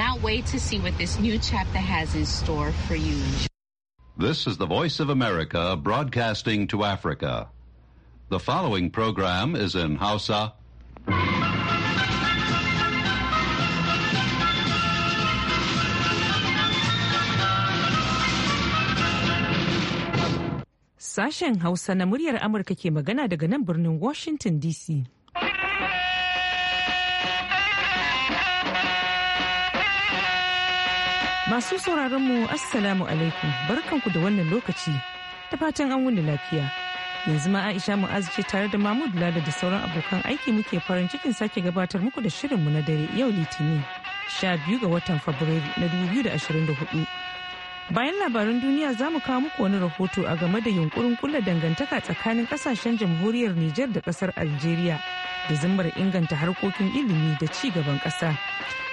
cannot wait to see what this new chapter has in store for you. This is the Voice of America broadcasting to Africa. The following program is in Hausa. Sashen Hausa na muryar Amurka ke magana daga nan birnin Washington DC. Masu sauraron mu Assalamu alaikum barkanku da wannan lokaci ta fatan an wuni lafiya. Yanzu ma Aisha Mu'az ce tare da Mahmud Lada da sauran abokan aiki muke farin cikin sake gabatar muku da shirinmu na dare yau Litinin biyu ga watan Fabrairu na da hudu. Bayan labaran duniya za mu kawo muku wani rahoto a game da yunkurin kula dangantaka tsakanin kasashen jamhuriyar Nijar da kasar Algeria da zimmar inganta harkokin ilimi da ci gaban ƙasa.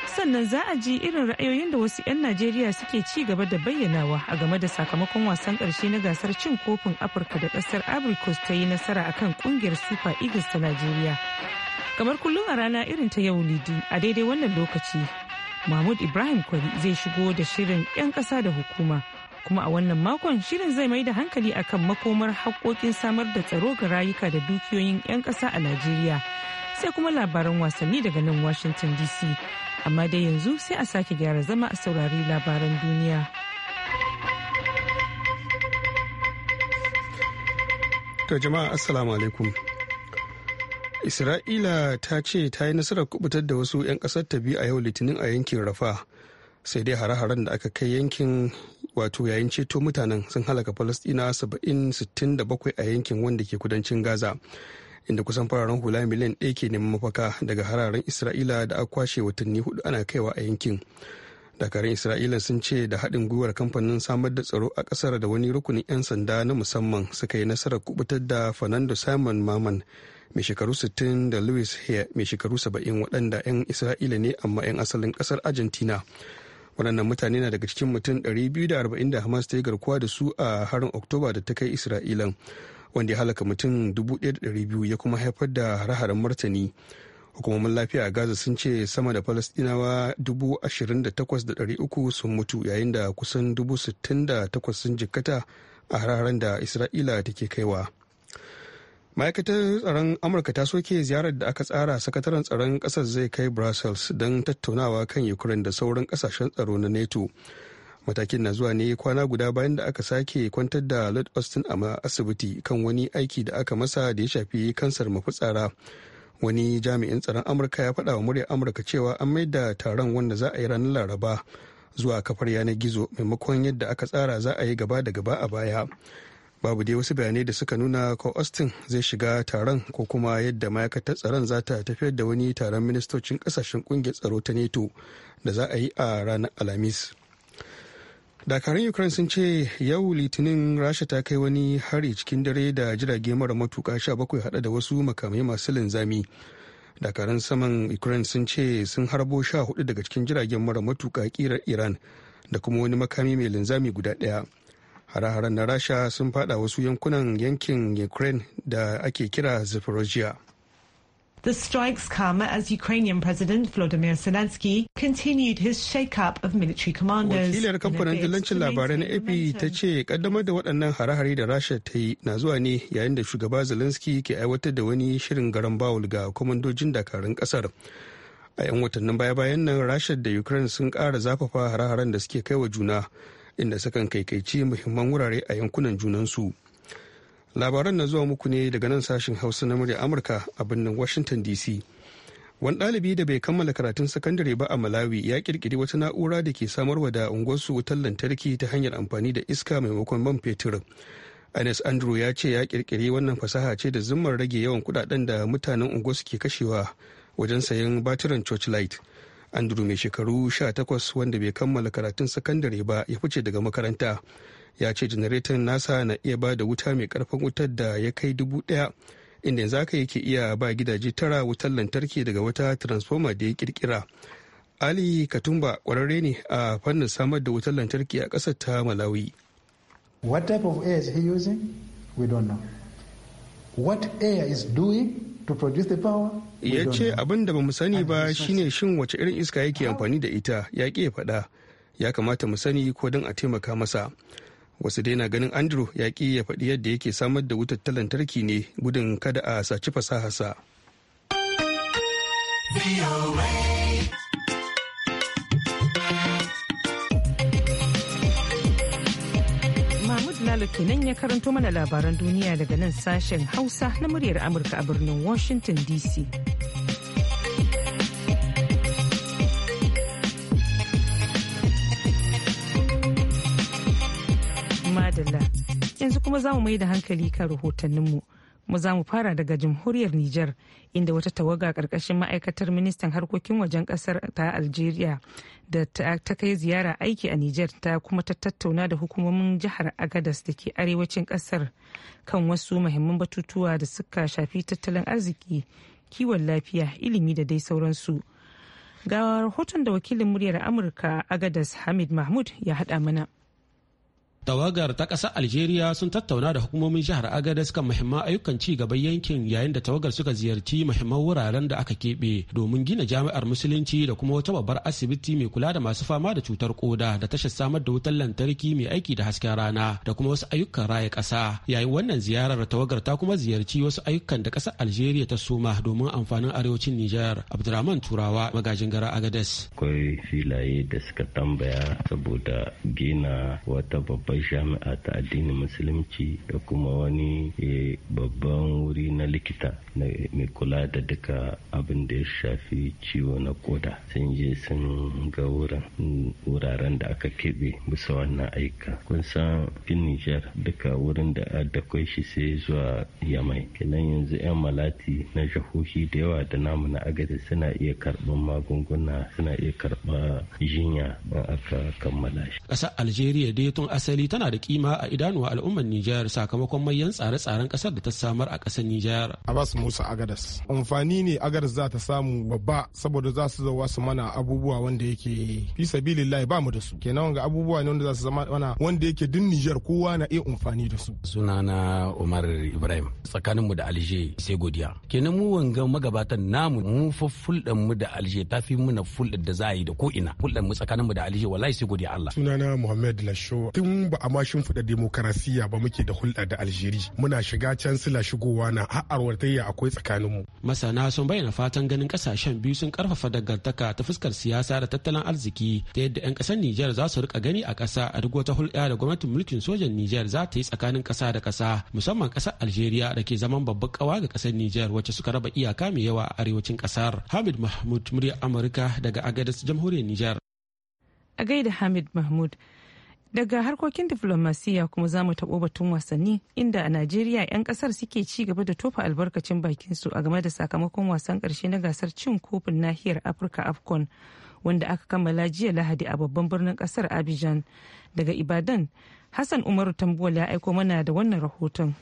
Sannan za a ji irin ra'ayoyin da wasu 'yan Najeriya suke ci gaba da bayyanawa a game da sakamakon wasan ƙarshe na gasar cin kofin Afirka da ƙasar Abrikos ta yi nasara a kan ƙungiyar Super Eagles ta Najeriya. Kamar kullum a rana irin ta yau Lidi a daidai wannan lokaci, Mahmud Ibrahim Kwari zai shigo da shirin 'yan ƙasa da hukuma. kuma a wannan makon shirin zai mai da hankali akan makomar haƙoƙin samar da tsaro ga rayuka da dukiyoyin 'yan ƙasa a Najeriya. Sai kuma labaran wasanni daga nan Washington DC. Amma dai yanzu sai a sake gyara zama a saurari labaran duniya. To jama'a assalamu alaikum. Isra'ila ta ce ta yi nasarar kubutar da wasu 'yan ƙasar ta biyu a yau litinin a yankin Rafa. sai dai hare-haren da aka kai yankin wato yayin ceto mutanen sun halaka falastina 70-67 a yankin wanda ke kudancin gaza inda kusan fararen hula miliyan ɗaya ke neman mafaka daga hararen isra'ila da aka kwashe watanni hudu ana kaiwa a yankin dakarun isra'ila sun ce da haɗin gwiwar kamfanin samar da tsaro a ƙasar da wani rukunin 'yan sanda na musamman suka yi nasarar kubutar da fernando simon maman mai shekaru 60 da louis hare mai shekaru 70 waɗanda 'yan isra'ila ne amma 'yan asalin ƙasar argentina waɗannan mutane na daga cikin mutum 240 da hamas ta yi garkuwa da su a harin oktoba da ta kai isra'ilan wanda ya halaka mutum 1,200 ya kuma haifar da hare martani hukumomin lafiya a gaza sun ce sama da falastinawa 28,300 sun mutu yayin da kusan 68,000 sun jikkata a hare da isra'ila take kaiwa. ma'aikatar tsaron amurka ta soke ziyarar da aka tsara sakataren tsaron kasar zai kai brussels don tattaunawa kan ukraine da sauran kasashen tsaro na nato matakin na zuwa ne kwana guda bayan da aka sake kwantar da lord austin a asibiti kan wani aiki da aka masa da ya shafi kansar mafitsara wani jami'in tsaron amurka ya faɗa wa muryar amurka cewa an mai da taron wanda za a yi ranar laraba zuwa kafar yanar gizo maimakon yadda aka tsara za a yi gaba da gaba a baya babu dai wasu bayanai da suka nuna ko austin zai shiga taron ko kuma yadda ma'aikatar tsaron za ta tafiyar da wani taron ministocin kasashen kungiyar tsaro ta neto da za a yi a ranar alhamis dakarun ukraine sun ce yau litinin rasha ta kai wani hari cikin dare da jirage mara matuka sha bakwai hada da wasu makamai masu linzami dakarun saman ukraine sun ce sun harbo sha hudu daga cikin jiragen mara matuka kirar iran da kuma wani makami mai linzami guda daya hare-haren na rasha sun fada wasu yankunan yankin ukraine da ake kira zaporozhia The strikes come as Ukrainian President Volodymyr Zelensky continued his shake-up of military commanders. Wakilar kamfanin dillancin labarai na AP ta ce kaddamar da waɗannan hare da Rasha ta yi na zuwa ne yayin da shugaba Zelensky ke aiwatar da wani shirin garan bawul ga kwamandojin dakarun ƙasar. A 'yan watannin baya-bayan nan Rasha da Ukraine sun ƙara zafafa hare da suke kai wa juna. inda sukan kaikaici muhimman wurare a yankunan junansu labaran na zuwa muku ne daga nan sashen hausa na murya amurka a birnin washington dc wani ɗalibi da bai kammala karatun sakandare ba a malawi ya kirkiri wata na'ura da ke samar wa da unguwarsu wutar lantarki ta hanyar amfani da iska maimakon man fetur Anes Andrew ya ce ya kirkiri wannan fasaha ce da zimmar rage yawan kudaden da mutanen unguwa suke kashewa wajen sayan batiran church light andrew mai shekaru 18 wanda bai kammala karatun sakandare ba ya fice daga makaranta ya ce janareton nasa na iya ba da wuta mai karfin wutar da ya kai dubu daya inda yanzu haka yake iya ba gidaje tara wutar lantarki daga wata transformer da ya kirkira ali katumba kwararre ne a fannin samar da wutar lantarki a ƙasar ta malawi what type of air is he using we don't know what air is doing ya ce abin da ba mu sani ba shine shin wace irin iska yake amfani da ita ya ya faɗa ya kamata mu sani ko don a taimaka masa wasu dai na ganin andrew ya ya faɗi yadda yake samar da wutar ta lantarki ne gudun kada a saci fasahasa. sa Jalo kenan ya karanto mana labaran duniya daga nan sashen Hausa na muryar Amurka a birnin Washington DC. Madalla, yanzu kuma za mu mai da hankali kan rahotanninmu. mu. mu za mu fara daga jamhuriyar Nijar inda wata tawaga ƙarƙashin ma'aikatar ministan harkokin wajen ƙasar ta Algeria da ta kai ziyara aiki a Nijar ta kuma ta tattauna da hukumomin jihar Agadas da ke arewacin ƙasar kan wasu muhimman batutuwa da suka shafi tattalin arziki, kiwon lafiya, ilimi da dai sauransu. Ga rahoton da wakilin muryar Amurka Agadas Hamid Mahmud ya hada mana. tawagar ta ƙasar algeria sun tattauna da hukumomin jihar agadez kan muhimman ayyukan ci gaban yankin yayin da tawagar suka ziyarci mahimman wuraren da aka keɓe domin gina jami'ar musulunci da kuma wata babbar asibiti mai kula da masu fama da cutar koda da tashar samar da wutar lantarki mai aiki da hasken rana da kuma wasu ayyukan raya kasa yayin wannan ziyarar tawagar ta kuma ziyarci wasu ayyukan da ƙasar algeria ta suma domin amfanin arewacin nijar abdurrahman turawa magajin gara agadez akwai filaye da suka tambaya saboda gina wata babbar jami'a ta addinin musulunci da kuma wani eh, babban wuri na likita mai kula da duka abin da ya shafi ciwo na koda sun je sun ga wuraren da aka keɓe bisa wannan aika kun san fin nijar duka wurin da da shi sai zuwa yamai kenan yanzu 'yan malati na jahohi da yawa da namu na agadi suna iya karɓar magunguna suna iya karɓar jinya ba aka kammala shi ƙasar algeria dai tun asali asali tana da kima a idanuwa al'ummar Nijar sakamakon manyan tsare-tsaren kasar da ta samar a kasar Nijar. Abbas Musa Agadas. Amfani ne Agadas za ta samu babba saboda za su zauwa su mana abubuwa wanda yake fi sabilillahi ba mu da su. Kenan ga abubuwa ne wanda za su zama mana wanda yake din Nijar kowa na iya amfani da su. Sunana Umar Ibrahim tsakanin mu da Alje sai godiya. Kenan mu wanga magabatan namu mu fa fuldan mu da Alje ta fi muna fuldan da za yi da ko ina. Fuldan mu tsakanin mu da Alje wallahi sai godiya Allah. Sunana Muhammad Lasho. Tun ba a ma shimfiɗa demokarasiya ba muke da hulɗa da Aljeri. Muna shiga can sila shigowa na har arwartayya akwai tsakaninmu. Masana sun bayyana fatan ganin kasashen biyu sun karfafa dangantaka ta fuskar siyasa da tattalin arziki ta yadda 'yan ƙasar Nijar za su rika gani a ƙasa a duk wata hulɗa da gwamnatin mulkin sojan Nijar za ta yi tsakanin ƙasa da ƙasa musamman ƙasar Aljeriya da ke zaman babban ƙawa ga ƙasar Nijar wacce suka raba iyaka mai yawa a arewacin ƙasar. Hamid Mahmud muryar Amurka daga Agadis jamhuriyar Nijar. A gaida Hamid Mahmud. Daga harkokin diflomasiya kuma za mu taɓo batun wasanni inda a Najeriya 'yan ƙasar suke ci gaba da tofa albarkacin su a game da sakamakon wasan ƙarshe na gasar cin kofin nahiyar Afirka AFCON wanda aka kammala jiya Lahadi a babban birnin ƙasar Abidjan. Daga Ibadan, Hassan Umaru tambola ya aiko mana da wannan rahoton.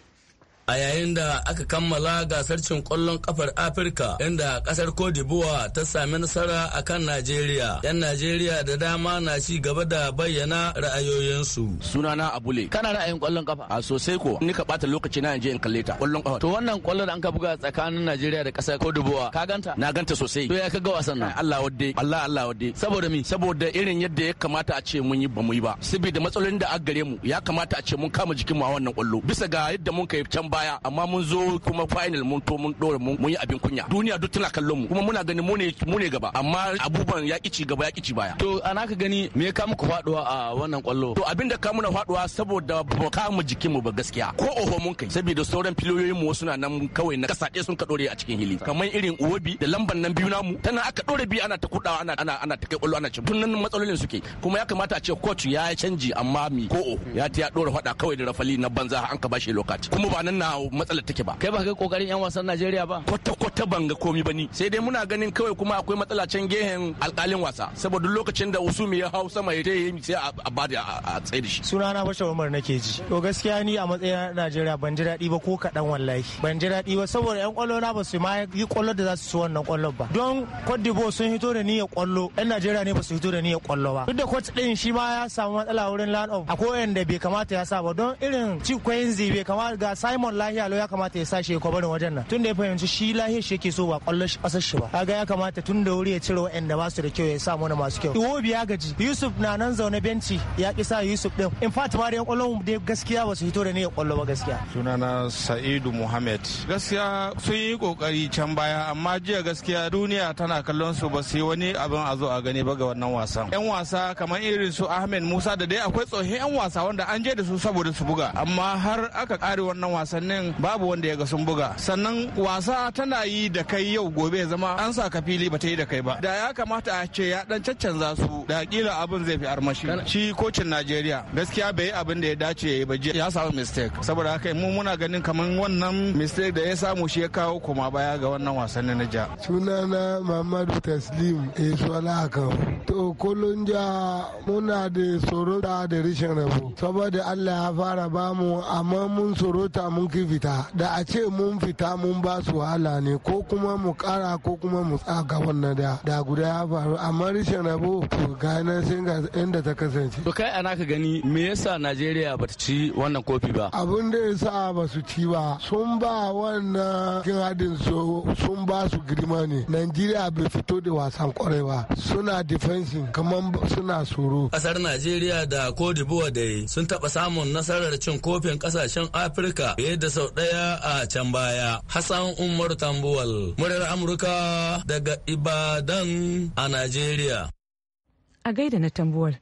a yayin da aka kammala gasar cin kwallon kafar afirka inda kasar kodibuwa ta sami nasara a kan najeriya yan najeriya da dama na ci gaba da bayyana ra'ayoyinsu sunana abule kana ra'ayin kwallon kafa a sosai ko ni ka bata lokaci na je in kalle ta kwallon kafa to wannan kwallon da an ka buga tsakanin najeriya da kasar kodibuwa ka ganta na ganta sosai to ya ka ga wasan nan allah wadde allah allah wadde saboda mi saboda irin yadda ya kamata a ce mun yi ba mu yi ba saboda matsalolin da a gare mu ya kamata a ce mun kama jikin mu a wannan kwallo bisa ga yadda mun kai can baya amma mun zo kuma final mun to mun dore mun yi abin kunya duniya duk tana kallon mu kuma muna gani mu ne mu ne gaba amma abubuwan ya ci gaba ya ci baya to ana ka gani me ya ka muku faduwa a wannan kwallo to abin da ka muna faduwa saboda ba ka mu jikin mu ba gaskiya ko oho mun kai saboda sauran filoyoyin mu suna nan kawai na kasa sun ka dore a cikin hili kamar irin uwobi da lamban nan biyu namu tana aka dore bi ana ta kudawa ana ana ana ta kai kwallo ana ci tun nan matsalolin suke kuma ya kamata a ce coach ya canji amma mi ko ya ta ya dora fada kawai da rafali na banza an ka bashi lokaci kuma ba nan ina matsalar take ba kai ba ga kokarin yan wasan Najeriya ba kwata kwata ban ga komi bani sai dai muna ganin kawai kuma akwai matsala can gehen alkalin wasa saboda lokacin da Usumi ya hau sama ya yi sai a bada a tsaye da shi sunana Bashar Umar nake ji to gaskiya ni a matsayin Najeriya ban ji daɗi ba ko kaɗan wallahi ban ji daɗi ba saboda yan kwallo na ba su ma yi kwallo da za su ci wannan kwallo ba don Cote d'Ivoire sun hito da niyyar kwallo yan Najeriya ne ba su hito da niyyar kwallo ba duk da coach din shi ma ya samu matsala wurin land of akwai wanda bai kamata ya sa ba don irin ci kwayin bai kamar ga Simon lahiya lo ya kamata ya sashi ko barin wajen nan tunda ya fahimci shi lahiya shi yake so ba kwallon kasar shi ba kaga ya kamata tun da wuri ya cire waɗanda ba su da kyau ya sa mana masu kyau iwobi ya gaji yusuf na nan zaune benci ya ki sa yusuf din in fact ma da yan kwallon da gaskiya ba su hito da ni ya kwallo ba gaskiya sunana sa'idu muhammad gaskiya sun yi kokari can baya amma jiya gaskiya duniya tana kallon su ba sai wani abin a zo a gani ba ga wannan wasan yan wasa kamar irin su ahmed musa da dai akwai tsohon yan wasa wanda an je da su saboda su buga amma har aka kare wannan wasan wasannin babu wanda ya ga sun buga sannan wasa tana yi da kai yau gobe ya zama an sa ka fili ba ta yi da kai ba da ya kamata a ce ya dan caccanza su da kila abin zai fi armashi shi kocin najeriya gaskiya bai yi abin da ya dace ya yi ba ya samu mistake saboda haka mu muna ganin kamar wannan mistake da ya samu shi ya kawo koma baya ga wannan wasanni na ja sunana mamadu taslim esuwala eh, haka to kolon ja muna da tsoro da rishin rabo saboda allah ya fara bamu amma mun ta mun ki fita da a ce mun fita mun ba su wahala ne ko kuma mu kara ko kuma mu tsaga wannan da da guda ya faru amma rashin rabo to ganin sun ga inda ta kasance. To kai ana ka gani me yasa Najeriya ba ta ci wannan kofi ba? Abin da yasa ba su ci ba sun ba wannan kin hadin so sun ba su girma ne. Najeriya bai fito da wasan kwarai ba suna defensin kamar suna tsoro. Kasar Najeriya da Cote d'Ivoire sun taba samun nasarar cin kofin kasashen Afirka da sau ɗaya a can baya. Hassan Umar Tambuwal, muryar Amurka daga Ibadan a Najeriya. A gaida na Tambuwal.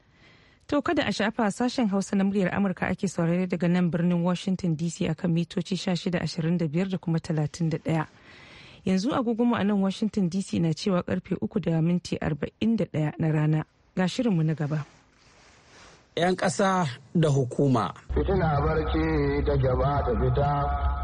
To kada a shafa sashen Hausa na muryar Amurka ake saurare daga nan birnin Washington DC akan mitoci 1625 da kuma 31. Yanzu agogonmu a nan Washington DC na cewa karfe 3 da minti 41 na rana. Ga shirinmu na gaba. 'yan ƙasa da hukuma. Fitina barci ta gaba ta fita,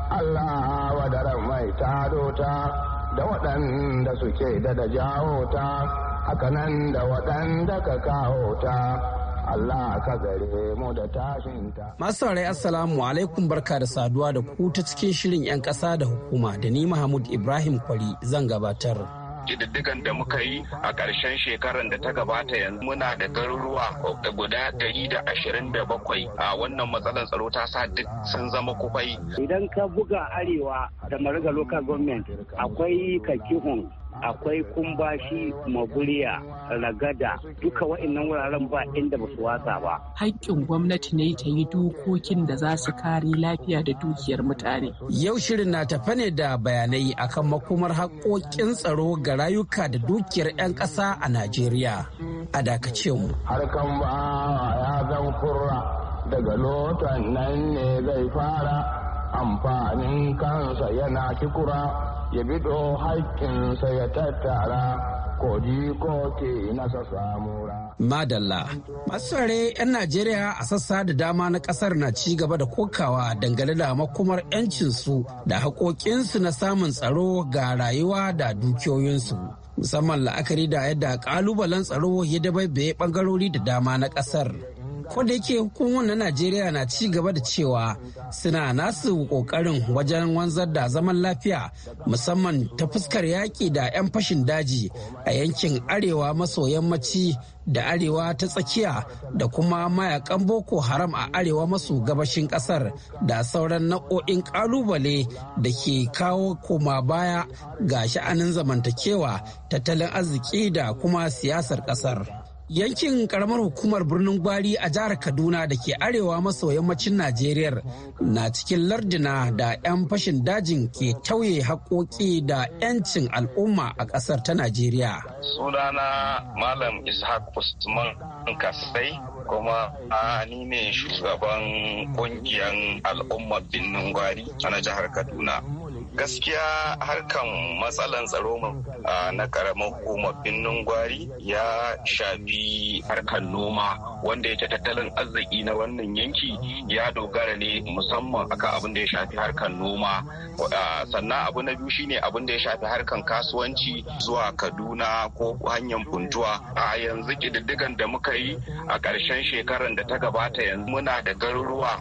Allah wadaran mai taro ta da waɗanda suke da da jawo ta, hakanan da waɗanda ka kawo ta. Allah ka gare mu da tashin Masu saurari Assalamu alaikum barka da saduwa da ku ta cikin shirin 'yan ƙasa da hukuma da ni Mahmud Ibrahim Kwari zan gabatar. kididdigan da muka yi a ƙarshen shekarar da ta gabata yanzu muna da garuruwa da guda ɗari da ashirin da bakwai a wannan matsalar tsaro ta sa duk sun zama kufai. Idan ka buga arewa da marigar local government akwai kakihun akwai kumbashi maguriya ragada duka wa'annan wuraren ba inda ba su watsa ba haƙƙin gwamnati ne ta yi dokokin da za su kare lafiya da dukiyar mutane yau shirin na tafa ne da bayanai akan makomar haƙƙoƙin tsaro ga rayuka da dukiyar 'yan ƙasa a najeriya a dakace mu harkan ba ya zan kurra daga lotan nan ne zai fara amfanin kansa yana kikura ya bido haƙƙinsa ya tattara ko ke nasa Madalla, masare 'yan Najeriya a sassa da dama na ƙasar na ci gaba da kokawa dangane da makomar 'yancinsu da haƙoƙinsu na samun tsaro ga rayuwa da dukiyoyinsu. Musamman la'akari da yadda ƙalubalen tsaro ya dabaibaye ɓangarori da dama na ƙasar. ko da yake hukumomin na najeriya na ci gaba da cewa suna nasu kokarin wajen wanzar da zaman lafiya musamman ta fuskar yaƙi da 'yan fashin daji a yankin arewa maso yammaci da arewa ta tsakiya da kuma mayakan boko haram a arewa maso gabashin ƙasar da sauran nau'o'in ƙalubale da ke kawo koma baya ga sha'anin zamantakewa tattalin arziki da kuma siyasar ƙasar. Yankin karamar hukumar birnin Gwari a jihar Kaduna da ke arewa maso yammacin Najeriya na cikin lardina da 'yan fashin dajin ke tauye haƙoƙi da 'yancin al'umma a ƙasar ta Najeriya. Sunana Malam Ishaq Usman Kasai kuma ni ne shugaban ƙungiyar al'ummar birnin Gwari a jihar Kaduna. Gaskiya harkan matsalan tsaro na karamar hukumar binnin gwari ya shafi harkar noma wanda yake tattalin arziki na wannan yanki ya dogara ne musamman akan abin da ya shafi harkar noma sannan abu na biyu shine abin da ya shafi harkar kasuwanci zuwa kaduna ko hanyar funtuwa a yanzu kididdigan da muka yi a ƙarshen shekarar da ta gabata yanzu muna da garuruwa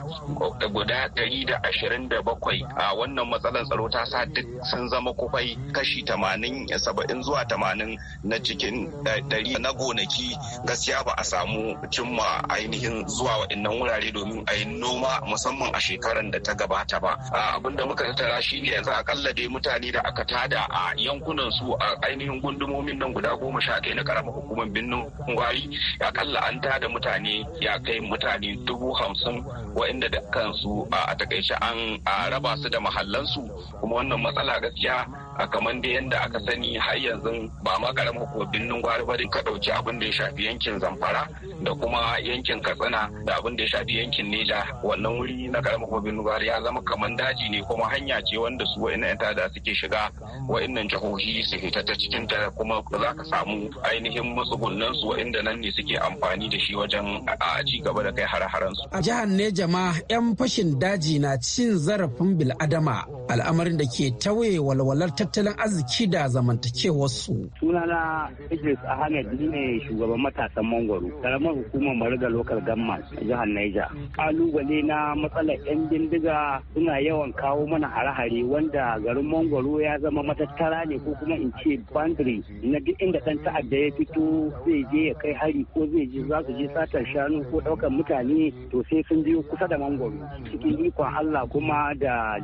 guda ɗari da ashirin da bakwai a wannan matsalar tsaro ta sa duk sun zama kufai kashi tamanin saba'in zuwa tamanin na cikin eh, ɗari na gonaki gaskiya ba a samu cimma ainihin zuwa waɗannan wurare domin a yi noma musamman a shekaran da ta gabata ba abin da muka tattara shi ne yanzu akalla dai mutane da aka tada a yankunan su a ainihin gundumomin nan guda goma sha ɗaya na karamar hukumar birnin gwari akalla an tada mutane ya kai mutane dubu hamsin wa'inda da kansu a takaice an raba su da mahallansu kuma wannan matsala gaskiya kamar da yadda aka sani har yanzu ba ma karamin ko binnin gwari ba ka dauki abin da ya shafi yankin zamfara da kuma yankin katsina da abin da ya shafi yankin neja wannan wuri na karamin ko binnin gwari ya zama kamar daji ne kuma hanya ce wanda su wa'annan da suke shiga wa'annan jihohi su fita ta cikin ta kuma za ka samu ainihin matsugunan su da nan ne suke amfani da shi wajen a ci gaba da kai hare su. A jihar Neja ma 'yan fashin daji na cin zarafin bil'adama al'amarin da ke tauye walwalar tattalin arziki da zamanta zamantakewarsu. Sunana Idris Ahmed ni ne shugaban matasan Mangwaro, karamar hukumar Mariga Lokal Gamma jihar Niger. Kalubale na matsalar 'yan bindiga suna yawan kawo mana hare-hare wanda garin Mangwaro ya zama matattara ne ko kuma in ce bandiri na duk inda ɗan ta'adda ya fito zai je ya kai hari ko zai je za su je satar shanu ko ɗaukar mutane to sai sun biyo kusa da Mangwaro. Cikin ikon Allah kuma da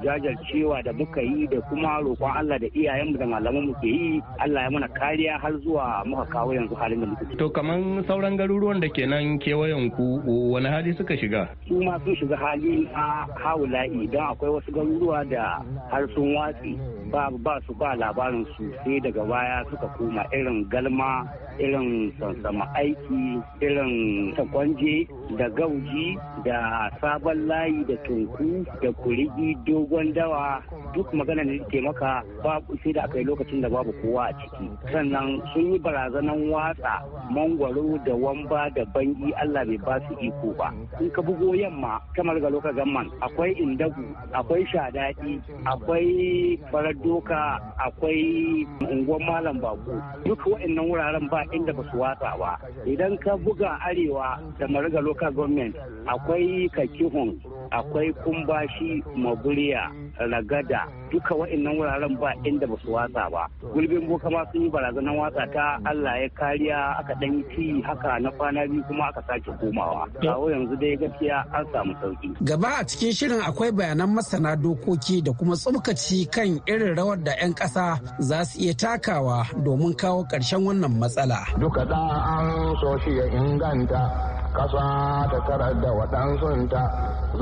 cewa da muka yi da kuma roƙon Allah da iyayenmu da malamanmu ke yi Allah ya mana kariya har zuwa muka kawo yanzu halin da muke to kaman sauran garuruwan da kenan kewayen ku wani hali suka shiga su ma sun shiga hali a hawula'i don akwai wasu garuruwa da har sun watsi ba ba su ba labarin su sai daga baya suka koma irin galma irin sansama aiki irin takwanje da gauji da sabon layi da tunku da kurigi dogon dawa duk magana ne ke maka babu sai da aka yi lokacin da babu kowa a ciki sannan sun yi barazanan watsa mangwaro da wamba da bangi allah bai ba su iko ba in ka bugo yamma kamar ga lokacin gamman akwai indagu akwai shadadi akwai farar doka akwai unguwar malam bako duk waɗannan wuraren ba inda ba su watsa ba idan ka buga arewa da marigalo local government akwai kakihun akwai kumbashi maguriya ragada duka wa'annan wuraren ba inda ba su watsa ba gulbin boka ma sun yi barazanar watsa ta allah ya kariya aka dan ci haka na kwana biyu kuma aka sake komawa kawo yanzu dai gaskiya an samu sauki gaba a cikin shirin akwai bayanan masana dokoki da kuma tsumkaci kan irin rawar da 'yan ƙasa za su iya takawa domin kawo ƙarshen wannan matsala duka da an so shi ya inganta ƙasa ta tarar da waɗansunta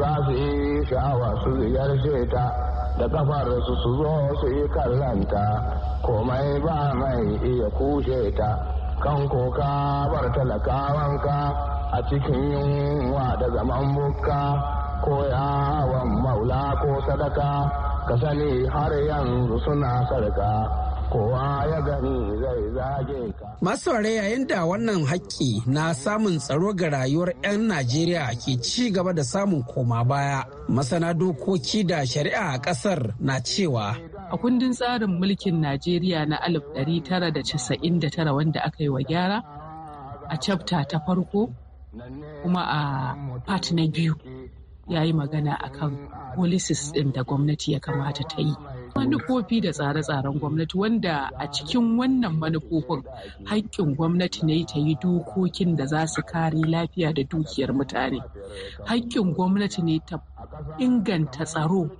za su yi sha'awa su ziyarce ta da ƙafarsu su su zo su yi kallanta komai ba mai iya kushe ta kan koka bar talakawanka a cikin yunwa da zaman buka ko yawon maula ko sadaka ka sani har yanzu suna sarka kowa ya gani zai zage Masu yayin da wannan haƙƙi na samun tsaro ga rayuwar 'yan Najeriya ke ci gaba da samun koma baya. Masana dokoki da shari'a a ƙasar na cewa a kundin tsarin mulkin Najeriya na 1999 wanda aka yi wa gyara a chapter ta farko kuma a part na biyu ya yi magana akan policies ɗin da gwamnati ya kamata ta yi. manufofi da tsare-tsaren gwamnati wanda a cikin wannan manufofin haƙƙin gwamnati ne ta yi dokokin da za su kare lafiya da dukiyar mutane haƙƙin gwamnati ne ta inganta tsaro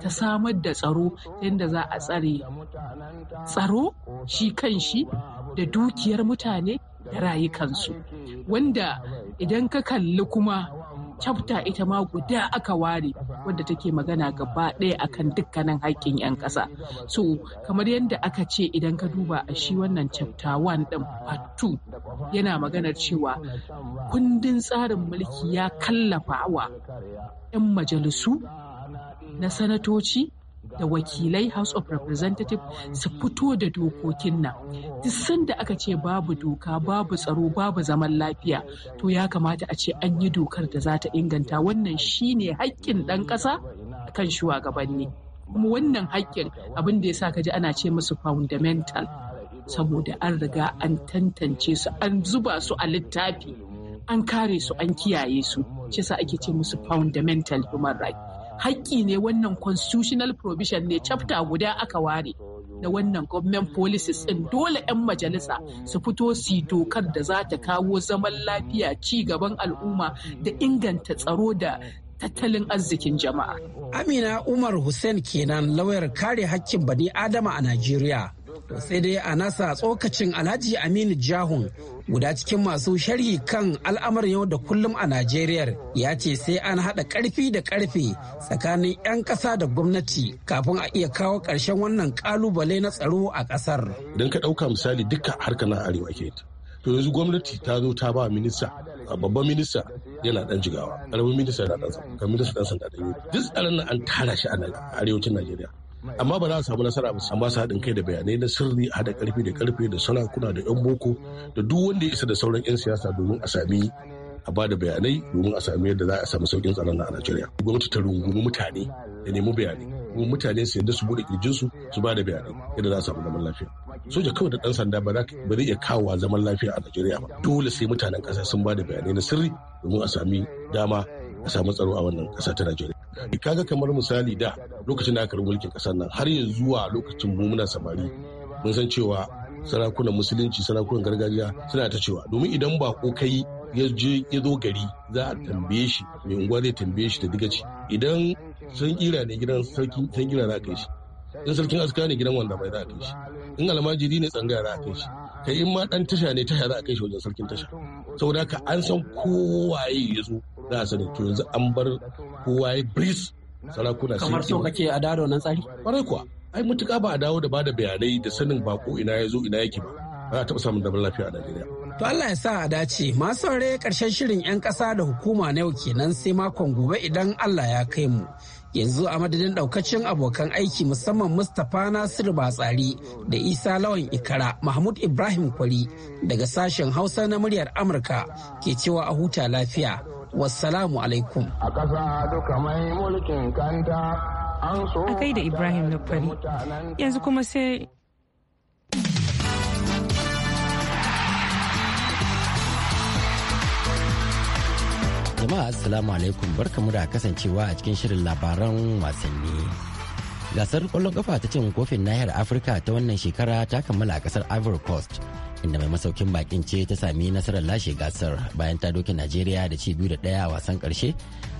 ta samar da tsaro yadda za a tsare tsaro shi kan shi da dukiyar mutane da rayukansu wanda idan ka kalli kuma chapter ita ma guda aka ware wadda take magana gaba ɗaya akan dukkanin haƙƙin 'yan ƙasa so kamar yadda aka ce idan ka duba a shi wannan chapter 1 ɗin part 2 yana maganar cewa kundin tsarin mulki ya kallafa wa 'yan majalisu na sanatoci da wakilai House of Representatives su fito da dokokin nan. Duk sanda aka ce babu doka, babu tsaro, babu zaman lafiya, to ya kamata a ce an yi dokar da za ta inganta wannan shi ne haƙƙin ɗan ƙasa kan shugabanni. Kuma wannan haƙƙin abin da ya sa ka ji ana ce musu fundamental. saboda an riga an tantance su an zuba su a littafi an kare su an kiyaye su shi ake ce musu fundamental human right haƙƙi ne wannan constitutional provision ne chapter guda aka ware da wannan government policies ɗin dole 'yan majalisa su fito su dokar da za ta kawo zaman lafiya ci gaban al'umma da inganta tsaro da tattalin arzikin jama'a. Amina Umar Hussein kenan lauyar kare haƙƙin bani Adama a Najeriya. sai dai a nasa tsokacin alhaji aminu jahun guda cikin masu sharhi kan al'amarin yau da kullum a najeriya ya ce sai an haɗa ƙarfi da ƙarfe tsakanin 'yan ƙasa da gwamnati kafin a iya kawo ƙarshen wannan ƙalubale na tsaro a ƙasar don ka ɗauka misali duka harkar na arewa ke to yanzu gwamnati ta zo ta ba minista babban minista yana dan jigawa karamin minista yana dan sanda minista dan sanda duk tsaron nan an tara shi a arewacin najeriya amma ba za su samu nasara ba amma su haɗin kai da bayanai na sirri a haɗa ƙarfi da ƙarfe da sarakuna da 'yan boko da duk wanda ya isa da sauran 'yan siyasa domin a sami a ba da bayanai domin a sami yadda za a samu sauƙin tsaron a Najeriya. Gwamnati ta rungumi mutane da nemi bayanai kuma mutane su yadda su buɗe ƙirjinsu su ba da bayanai yadda za a samu zaman lafiya. Soja kawai da ɗan sanda ba zai iya kawo zaman lafiya a Najeriya ba. Dole sai mutanen ƙasa sun ba da bayanai na sirri domin a sami dama a samu tsaro a wannan ƙasa ta Najeriya. Kaga kamar misali da lokacin da aka mulkin ƙasar nan har yanzu zuwa lokacin mu muna samari mun san cewa sarakunan musulunci sarakunan gargajiya suna ta cewa domin idan ba ko kai ya je ya zo gari za a tambaye shi mai unguwa zai tambaye shi da digaci idan sun kira ne gidan sarkin san kira za a kai shi in sarkin aska ne gidan wanda bai za a kai shi in almajiri ne tsangaya za a kai shi kai in ma dan tasha ne tasha za a kai shi wajen sarkin tasha saboda ka an san kowaye ya zo za a sani to yanzu an bar kowaye bris sarakuna kamar so kake a dawo nan tsari kwarai kuwa ai mutuka ba a dawo da bada bayanai da sanin bako ina ya zo ina yake ba ba a taɓa samun zaman lafiya a Najeriya To Allah ya sa a dace, masu saurare karshen shirin 'yan ƙasa da hukuma na yau kenan sai makon gobe idan Allah ya kai mu. yanzu a madadin daukacin abokan aiki musamman mustapha nasiru batsari da isa lawan ikara mahmud ibrahim kwari daga sashen hausa na muryar amurka ke cewa a huta lafiya wassalamu alaikum a a kai da ibrahim na kwari yanzu kuma sai Jama'a Assalamu alaikum barkamu da kasancewa a cikin shirin labaran wasanni. Gasar kwallon kafa ta cin kofin nahiyar Afirka ta wannan shekara ta kammala a kasar Ivory Coast inda mai masaukin bakin ce ta sami nasarar lashe gasar bayan ta doke Najeriya da ci biyu da daya a wasan karshe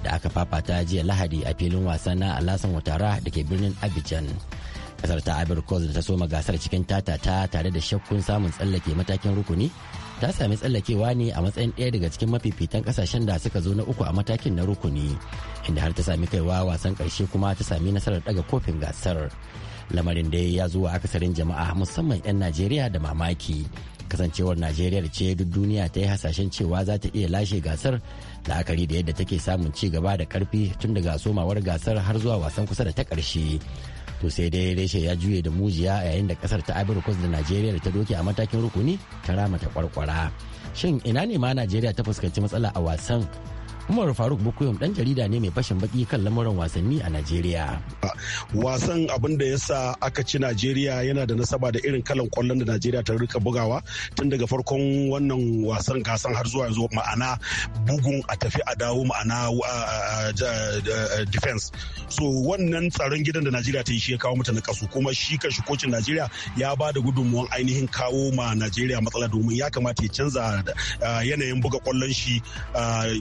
da aka fafata jiya Lahadi a filin wasa na Alasan Watara da ke birnin Abidjan. kasar ta ivory coast da ta soma gasar cikin tatata tare da shakkun samun tsallake matakin rukuni ta sami tsallakewa ne a matsayin ɗaya daga cikin mafifitan ƙasashen da suka zo na uku a matakin na rukuni inda har ta sami kaiwa wasan ƙarshe kuma ta sami nasarar ɗaga kofin gasar lamarin da ya zuwa akasarin jama'a musamman 'yan najeriya da mamaki kasancewar najeriya ce duk duniya ta yi hasashen cewa za ta iya lashe gasar la'akari da yadda take samun ci gaba da karfi tun daga somawar gasar har zuwa wasan kusa da ta ƙarshe to sai dai reshe ya juye da mujiya yayin da kasar ta ivory coast da najeriya da ta doke a matakin rukuni ta rama ta kwarkwara shin ina ne ma najeriya ta fuskanci matsala a wasan Umar Faruk Bukuyom dan jarida ne mai fashin baki kan lamuran wasanni a Najeriya. Wasan abin da ya sa aka ci Najeriya yana da nasaba da irin kalan kwallon da Najeriya ta rika bugawa tun daga farkon wannan wasan gasan har zuwa yanzu ma'ana bugun a tafi a dawo ma'ana defense. So wannan tsaron gidan da Najeriya ta yi shi ya kawo mata nakasu kuma shi kan shi kocin Najeriya ya ba da gudunmuwan ainihin kawo ma Najeriya matsala domin ya kamata ya canza yanayin buga kwallon shi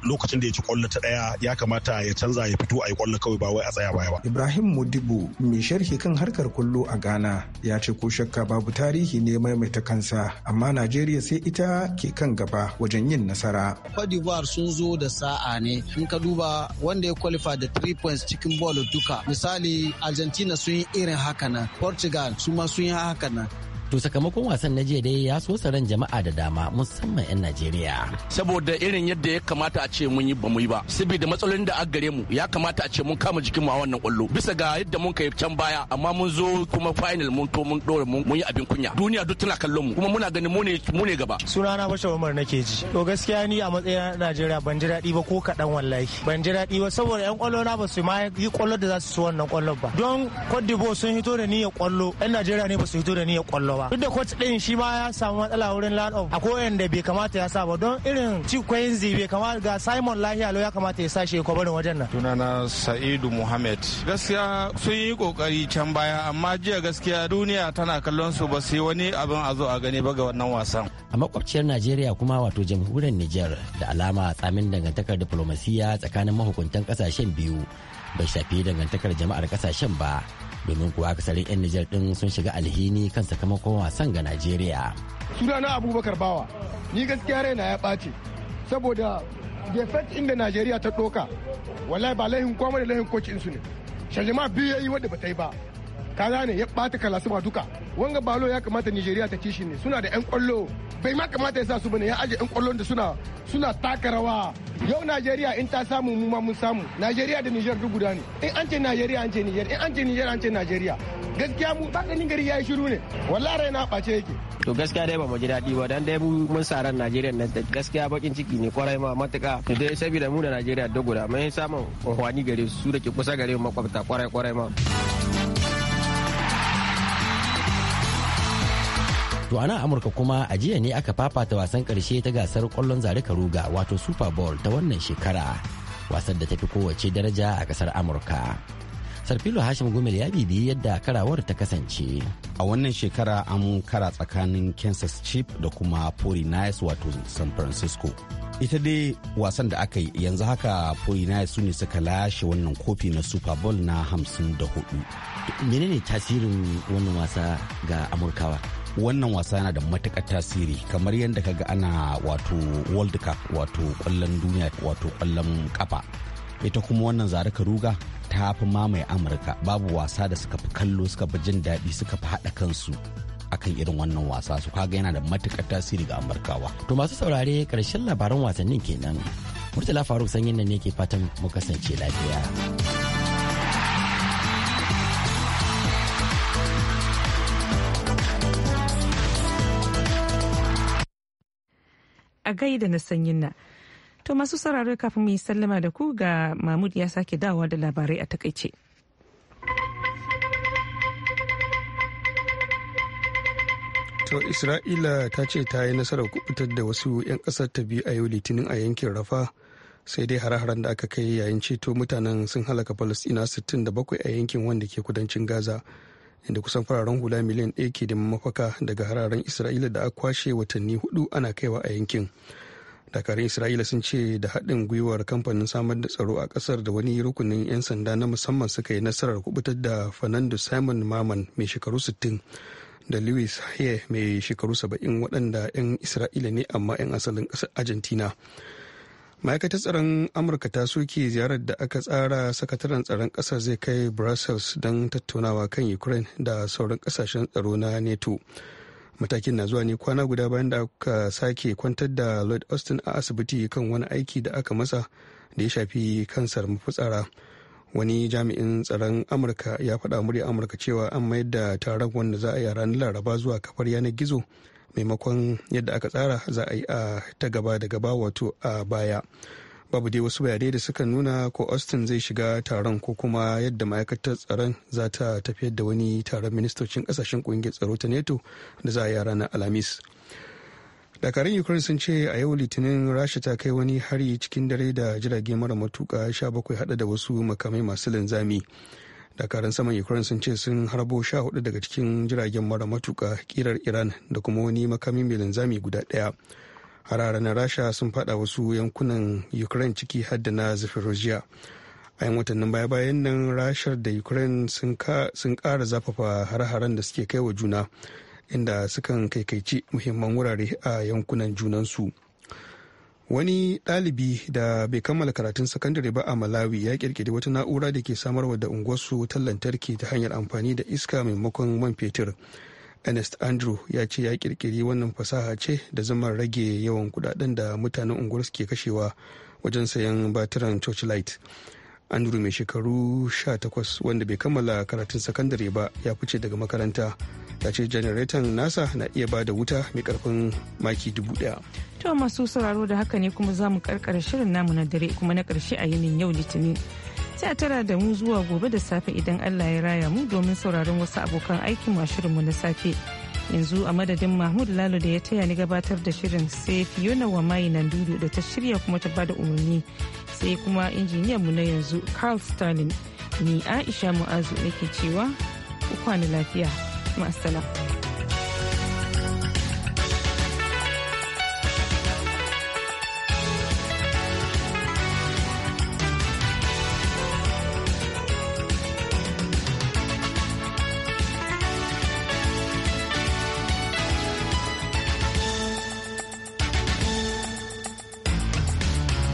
lokacin da ya ci kwallo ta daya ya kamata ya canza ya fito a yi kwallo kawai ba wai a tsaya baya ba. Ibrahim Mudibu mai sharhi kan harkar kwallo a Ghana ya ce ko shakka babu tarihi ne maimaita kansa amma Najeriya sai ita ke kan gaba wajen yin nasara. Cote sun zo da sa'a ne in ka duba wanda ya kwalifa da 3 points cikin Bolo duka misali Argentina sun yi irin haka nan Portugal su ma sun yi haka nan To sakamakon wasan na jiya dai ya so ran jama'a da dama musamman 'yan Najeriya. Saboda irin yadda ya kamata a ce mun yi ba mu yi ba. Saboda matsalolin da aka gare mu ya kamata a ce mun kama jikinmu a wannan kwallo. Bisa ga yadda mun kai can baya amma mun zo kuma final mun to mun dore mun yi abin kunya. Duniya duk tana kallon mu kuma muna ganin mu ne mu ne gaba. Sunana Bashir Umar nake ji. To gaskiya ni a matsayin Najeriya ban ji daɗi ba ko kaɗan wallahi. Ban ji daɗi ba saboda 'yan kwallo na ba su ma yi kwallo da za su ci wannan kwallon ba. Don Cote d'Ivoire sun hito da niyyar kwallo 'yan Najeriya ne ba su hito da niyyar kwallo ba duk da coach din shi ma ya samu matsala wurin land off akwai wanda bai kamata ya sa ba don irin ci kwayin bai kamata ga Simon Lahiya ya kamata ya sa shi ko kwabarin wajen nan na Sa'idu Muhammad gaskiya sun yi kokari can baya amma jiya gaskiya duniya tana kallon su ba sai wani abin a zo a gani ba ga wannan wasan a makwabciyar Najeriya kuma wato jamhuriyar Nijar da alama tsamin dangantakar diplomasiya tsakanin mahukuntan kasashen biyu bai shafi dangantakar jama'ar kasashen ba domin kuwa akasarin 'yan Nijar din sun shiga alhini kan sakamakon wasan ga Najeriya. Sunana Abubakar Bawa, ni gaskiya raina ya ɓace saboda defect inda Najeriya ta ɗoka, wallahi ba laihin kwamar da laihin kocin su ne. Shajima biyu ya yi wadda ba ta yi ba, ka gane ya bata kalasu ba duka wanga balo ya kamata Nigeria ta ci shi ne suna da yan kwallo bai ma kamata ya sa su bane ya aje yan kwallon da suna suna taka rawa yau Nigeria in ta samu mu ma mun samu Nigeria da Niger duk guda ne in an ce Nigeria an ce Niger in an ce Niger an ce Nigeria gaskiya mu ba ganin gari yayi shiru ne wallahi na bace yake to gaskiya dai ba mu ji daɗi ba dan dai mun sa ran Najeriya nan gaskiya bakin ciki ne kwarai ma matuka dai saboda mu da nigeria duk guda mai samu unhwani gare su da ke kusa gare mu makwabta kwarai kwarai ma To a Amurka kuma a jiya ne aka fafata wasan karshe ta gasar kwallon zare karuga wato Super Bowl ta wannan shekara. Wasan da ta fi kowace daraja a kasar Amurka. Sarfilo Hashim Gumel ya bibi yadda karawar ta kasance. A wannan shekara an kara tsakanin Kansas Chief da kuma 49ers wato San Francisco. ita dai wasan da aka yi yanzu haka Forinaya su ne suka lashe wannan kofi na super bowl na 54 menene tasirin wannan wasa ga amurkawa wannan wasa yana da matukar tasiri kamar yadda ka ga ana wato world cup wato kwallon duniya wato kwallon kafa ita kuma wannan ka ruga ta fi mamaye amurka babu wasa da suka fi kallo suka fi jin daɗi suka fi haɗa kansu akan irin wannan wasa su kaga yana da matukar tasiri ga amurkawa to masu saurare karshen labaran wasannin kenan murtala faruk sanyin nan ne ke fatan mu kasance lafiya a gaida na sanyin na. To masu sauraro kafin mu yi sallama da ku ga Mahmud ya sake dawowa da labarai a takaice. To Isra'ila ta ce ta yi nasarar kubutar da wasu 'yan kasar ta biyu a yau litinin a yankin Rafa sai dai hare-haren da aka kai yayin ceto mutanen sun halaka Falasɗina 67 a yankin wanda ke kudancin Gaza inda kusan fararen hula miliyan ɗaya ke da mafaka daga hararen isra'ila da aka kwashe watanni hudu ana kaiwa a yankin dakarun isra'ila sun ce da haɗin gwiwar kamfanin samar da tsaro a ƙasar da wani rukunin 'yan sanda na musamman suka yi nasarar kubutar da fernando simon maman mai shekaru 60 da louis haye mai shekaru 70 waɗanda 'yan isra'ila ne amma 'yan asalin ƙasar argentina ma'aikatar tsaron amurka ta soke ziyarar da aka tsara sakataren tsaron kasar zai kai brussels don tattaunawa kan ukraine da sauran kasashen tsaro na neto matakin na zuwa ne kwana guda bayan da aka sake kwantar da lord austin a asibiti kan wani aiki da aka masa da ya shafi kansar mafitsara wani jami'in tsaron amurka ya faɗa murya amurka cewa an mayar da taron wanda za a yi ranar laraba zuwa kafar yanar gizo maimakon yadda aka tsara za a yi a ta gaba da gaba wato a baya babu dai wasu bayanai da suka nuna ko austin zai shiga taron ko kuma yadda ma'aikatar tsaron za ta tafiyar da wani taron ministocin kasashen kungiyar tsaro ta neto da za a yi ranar alhamis dakarun ukraine sun ce a yau litinin rasha ta kai wani hari cikin dare da jirage mara matuka 17 hada da wasu makamai masu linzami dakarun saman ukraine sun ce sun harbo sha hudu daga cikin jiragen mara matuka kirar iran da kuma wani makami mai linzami guda daya harare na rasha sun fada wasu yankunan ukraine ciki hadda na zafirojiya a yan watannin baya-bayan nan rashar da ukraine sun kara zafafa hare-haren da suke kai wa juna inda sukan kaikaici muhimman wurare a yankunan junansu. su wani ɗalibi da bai kammala karatun sakandare ba a malawi ya kirkiri wata na'ura da ke samarwa da unguwarsu wutar lantarki ta hanyar amfani da iska maimakon man fetur ernest andrew ya ce ya kirkiri wannan fasaha ce da zama rage yawan kudaden da mutanen unguwar suke kashewa wajen sayan batiran torchlight andrew mai shekaru 18 wanda bai kammala karatun sakandare ba ya fice daga makaranta ta ce janareton nasa na iya ba da wuta mai karfin maki dubu daya to masu sauraro da haka ne kuma za mu karkara shirin namu na dare kuma na karshe a yinin yau litinin sai a tara da mu zuwa gobe da safe idan allah ya raya mu domin sauraron wasu abokan aikin mu na safe yanzu a madadin mahmud lalo da ya taya ni gabatar da shirin sai fiona wa mai nan dudu da ta shirya kuma ta bada umarni sai kuma injiniyan mu na yanzu carl stalin ni aisha mu'azu nake cewa ku lafiya ma'asala.